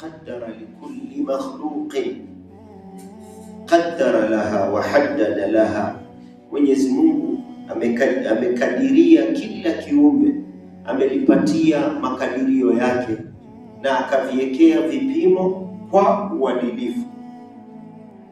qaddara likulli makhluqin qaddara laha wa haddada laha, Mwenyezi Mungu amekadiria kila kiumbe, amelipatia makadirio yake na akaviwekea vipimo kwa uadilifu.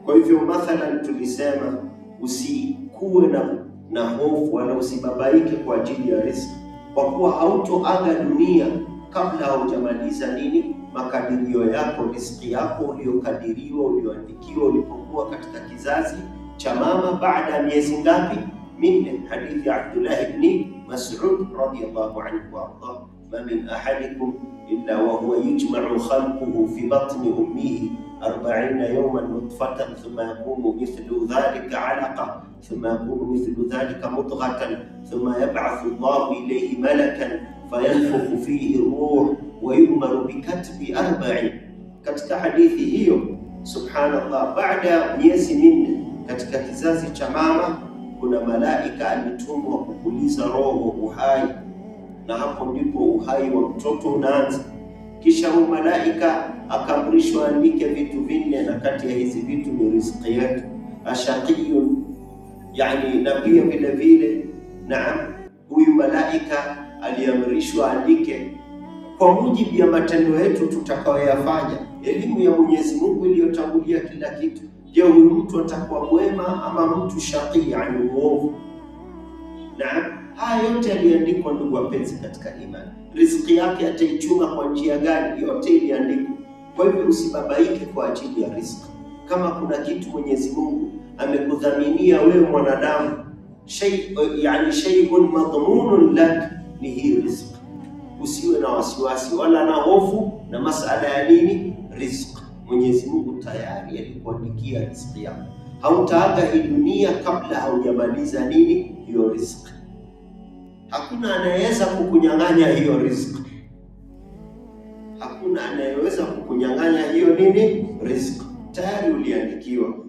Kwa hivyo, mathalan tulisema usikuwe na na hofu wala usibabaike kwa ajili ya riziki, kwa kuwa hautoaga dunia kabla haujamaliza nini makadirio yako, riziki yako uliyokadiriwa, ulioandikiwa ulipokuwa katika kizazi cha mama, baada ya miezi ngapi? Minne. Hadithi ya Abdullah ibn Mas'ud radiyallahu anhu waardah, ma min ahadikum illa wa huwa yujma'u khalquhu fi batni ummihi 40 yawman نطفة thumma يكون mithlu dhalika alaqa thumma يكون mithlu dhalika مضغة thumma yab'athu Allahu ilayhi malakan fayanfukhu fihi ruh wa yu'maru bikatbi arba'i. Katika hadithi hiyo, subhanallah, baada ya miezi minne katika kizazi cha mama kuna malaika alitumwa kupuliza roho uhai, na hapo ndipo uhai wa mtoto unaanza. Kisha huyu malaika akaamrishwa andike vitu vinne, na kati ya hizi vitu ni riziki yake, ashaqiyun, yani na pia vile vile, naam, huyu malaika aliamrishwa andike kwa mujibu ya matendo yetu tutakayoyafanya. Elimu ya Mwenyezi Mungu iliyotangulia kila kitu. Je, huyu mtu atakuwa mwema ama mtu shaqii, yani uovu? Na haya yote yaliandikwa, ndugu wapenzi katika imani. Riziki yake ataichuma kwa njia gani? Yote iliandikwa. Kwa hivyo usibabaike kwa ajili ya riziki. Kama kuna kitu Mwenyezi Mungu amekudhaminia wewe mwanadamu, shay yani shay madhmunun lak ni hii riziki. Usiwe na wasiwasi wala na hofu na masala ya nini riziki. Mwenyezi Mungu tayari alikuandikia riziki yako, hautaaga hii dunia kabla haujamaliza nini hiyo riziki. Hakuna anayeweza kukunyang'anya hiyo riziki, hakuna anayeweza kukunyang'anya hiyo nini riziki, tayari uliandikiwa.